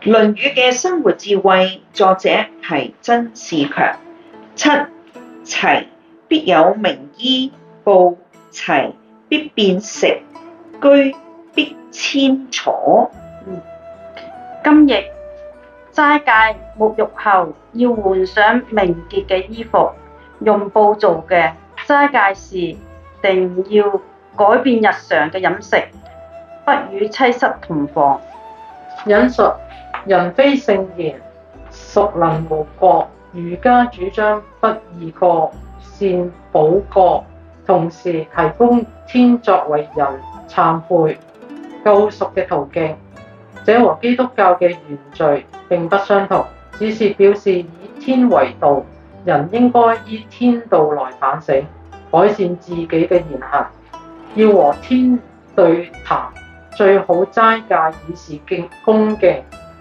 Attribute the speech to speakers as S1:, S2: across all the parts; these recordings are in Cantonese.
S1: 《論語》嘅生活智慧，作者係曾仕強。七齊必有明衣，布齊必變食，居必遷坐。嗯。今
S2: 日齋戒沐浴後，要換上明潔嘅衣服，用布做嘅齋戒時，定要改變日常嘅飲食，不與妻室同房。飲食。
S3: 人非聖賢，孰能無過？儒家主張不貳過善補過，同時提供天作為人懺悔救贖嘅途徑。這和基督教嘅原罪並不相同，只是表示以天為道，人應該以天道來反省改善自己嘅言行，要和天對談，最好齋戒，以示敬恭敬。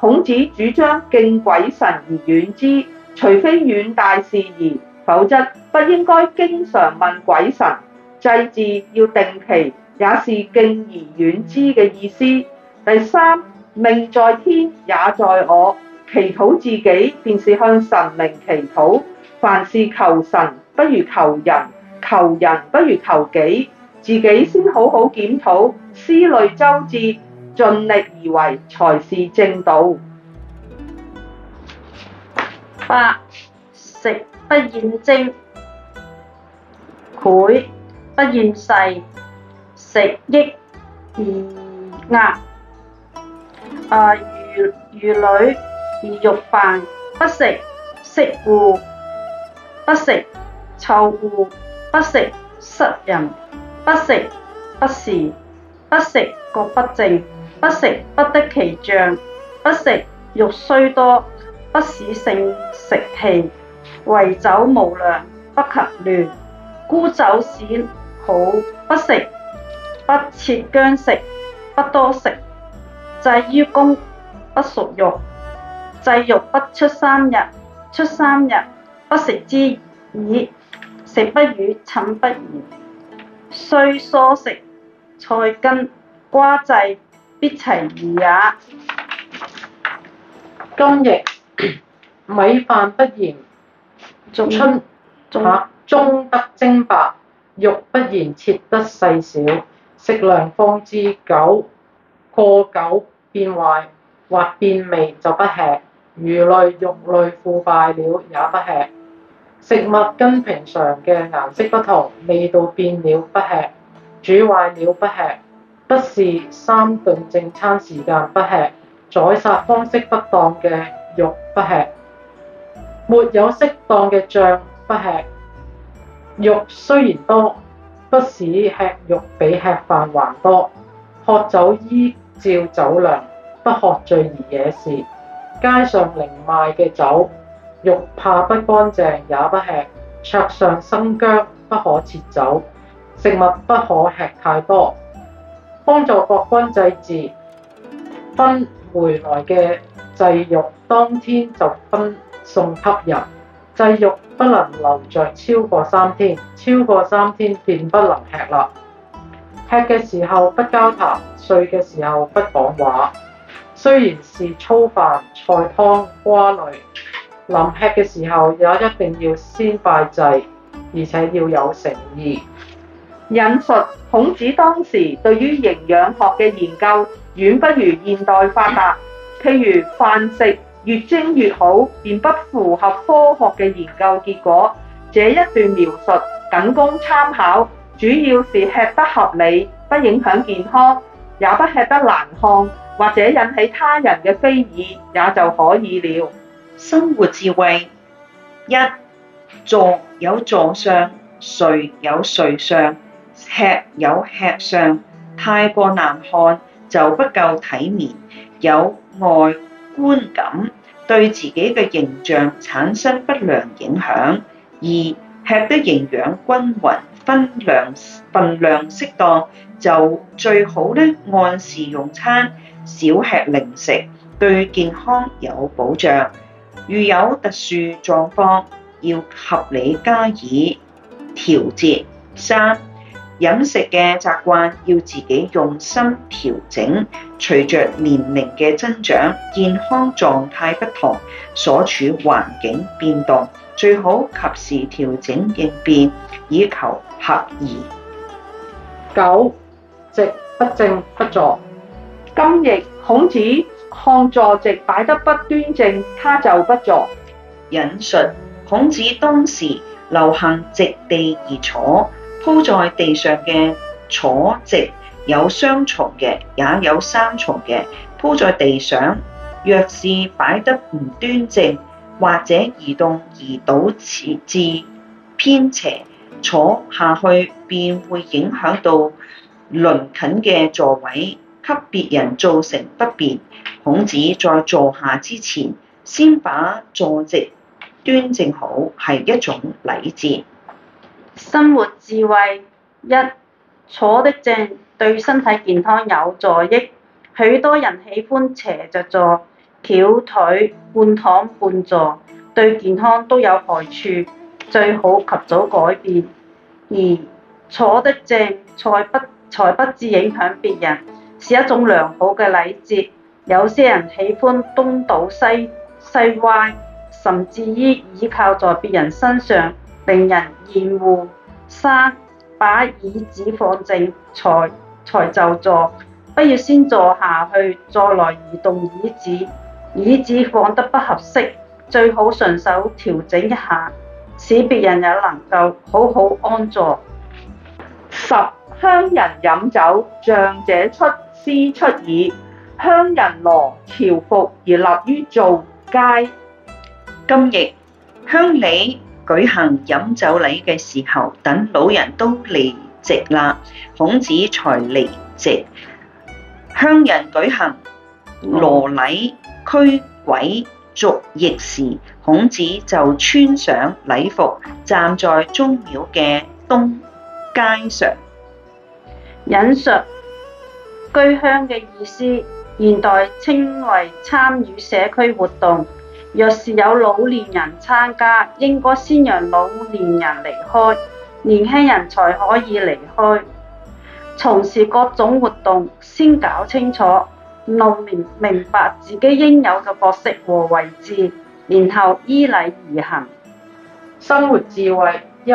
S4: 孔子主張敬鬼神而遠之，除非遠大事宜，否則不應該經常問鬼神。祭祀要定期，也是敬而遠之嘅意思。第三，命在天也在我，祈禱自己便是向神明祈禱。凡事求神不如求人，求人不如求己，自己先好好檢討、思慮周至。盡力而為才是正道。
S2: 八，食不厭精，膾不厭細。食饐而餲，啊，魚魚餒而肉敗不食，色惡不食，臭惡不食，失飪不食，不時不食，割不正。不食不得其醬，不食肉雖多，不使性食氣。唯酒無量，不及亂。沽酒使好，不食不切薑食，不多食。制於公，不熟肉。制肉不出三日，出三日不食之矣。食不語，寢不言。雖疏食菜根，瓜祭，
S3: 啲齊儀也，今日米飯不厭中、啊，舂得精白，肉不厭切得細小，食量放置久，過久變壞，或變味就不吃，魚類、肉類腐敗了也不吃，食物跟平常嘅顏色不同，味道變了不吃，煮壞了不吃。不是三頓正餐時間不吃，宰殺方式不當嘅肉不吃，沒有適當嘅醬不吃，肉雖然多，不是吃肉比吃飯還多。喝酒依照酒量，不喝醉而惹事。街上零賣嘅酒，肉怕不乾淨也不吃。桌上生薑不可撤走，食物不可吃太多。幫助國君祭祀，分回來嘅祭肉，當天就分送給人。祭肉不能留着超過三天，超過三天便不能吃啦。吃嘅時候不交談，睡嘅時候不講話。雖然是粗飯菜湯瓜類，臨吃嘅時候也一定要先拜祭，而且要有誠意。引述孔子當時對於營養學嘅研究，
S4: 遠不如現代發達。譬如飯食越精越好，便不符合科學嘅研究結果。這一段描述僅供參考，主要是吃得合理，不影響健康，也不吃得難
S1: 看，或者引起他人嘅非議，也就可以了。生活智慧一，坐有坐相，睡有睡相。吃有吃相，太過難看就不夠體面，有外觀感對自己嘅形象產生不良影響。二，吃得營養均勻，分量分量適當就最好咧。按時用餐，少吃零食對健康有保障。遇有特殊狀況，要合理加以調節。三飲食嘅習慣要自己用心調整，隨着年齡嘅增長，健康狀態不同，所處環境變動，最好及時調整應變，以求合宜。九，席不正不坐。今日孔子看坐席擺得不端正，他就不坐。引述孔子當時流行席地而坐。鋪在地上嘅坐席有雙重嘅，也有三重嘅。鋪在地上，若是擺得唔端正，或者移動而導致偏斜，坐下去便會影響到鄰近嘅座位，給別人造成不便。孔子在坐下之前，先把坐席端正好，係一種禮節。生活智
S2: 慧一，坐得正對身體健康有助益，許多人喜歡斜着坐、翹腿、半躺半坐，對健康都有害處，最好及早改變。二，坐得正，才不才不至影響別人，是一種良好嘅禮節。有些人喜歡東倒西西歪，甚至於倚靠在別人身上。令人厭惡。三、把椅子放正才才就坐，不要先坐下去，再來移動椅子。椅子放得不合適，最好順手調整一下，使別人也能夠好好安坐。
S4: 十、鄉人飲酒，杖者出，斯出矣，
S1: 鄉人儺，朝服而立於阼階。今翼鄉里。舉行飲酒禮嘅時候，等老人都離席啦，孔子才離席。鄉人舉行羅禮驅鬼逐疫時，孔子就穿上禮服，站在宗廟嘅東街上。引述
S2: 居鄉嘅意思，現代稱為參與社區活動。若是有老年人參加，應該先讓老年人離開，年輕人才可以離開，從事各種活動，先搞清楚，弄明明白自己應有嘅角色和位置，然後
S3: 依禮而行。生活智慧一，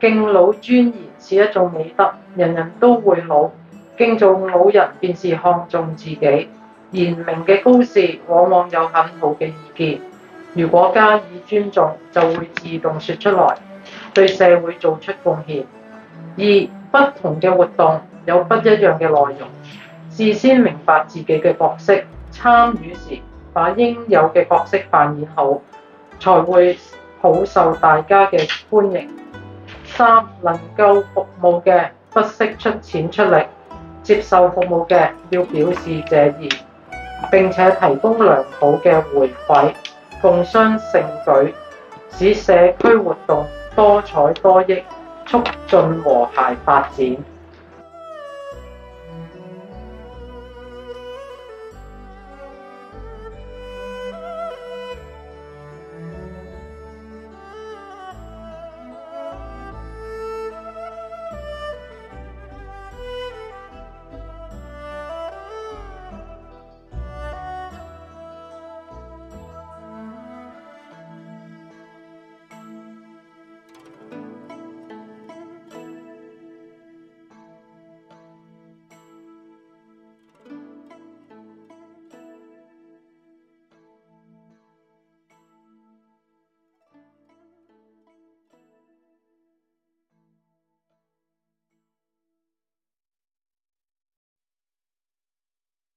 S3: 敬老尊賢是一種美德，人人都會老，敬重老人便是看重自己。賢明嘅高士往往有很好嘅意見。如果加以尊重，就會自動說出來，對社會做出貢獻。二，不同嘅活動有不一樣嘅內容，事先明白自己嘅角色，參與時把應有嘅角色扮演好，才會好受大家嘅歡迎。三，能夠服務嘅不惜出錢出力，接受服務嘅要表示謝意，並且提供良好嘅回饋。共襄盛舉，使社區活動多姿多益，促進和諧發展。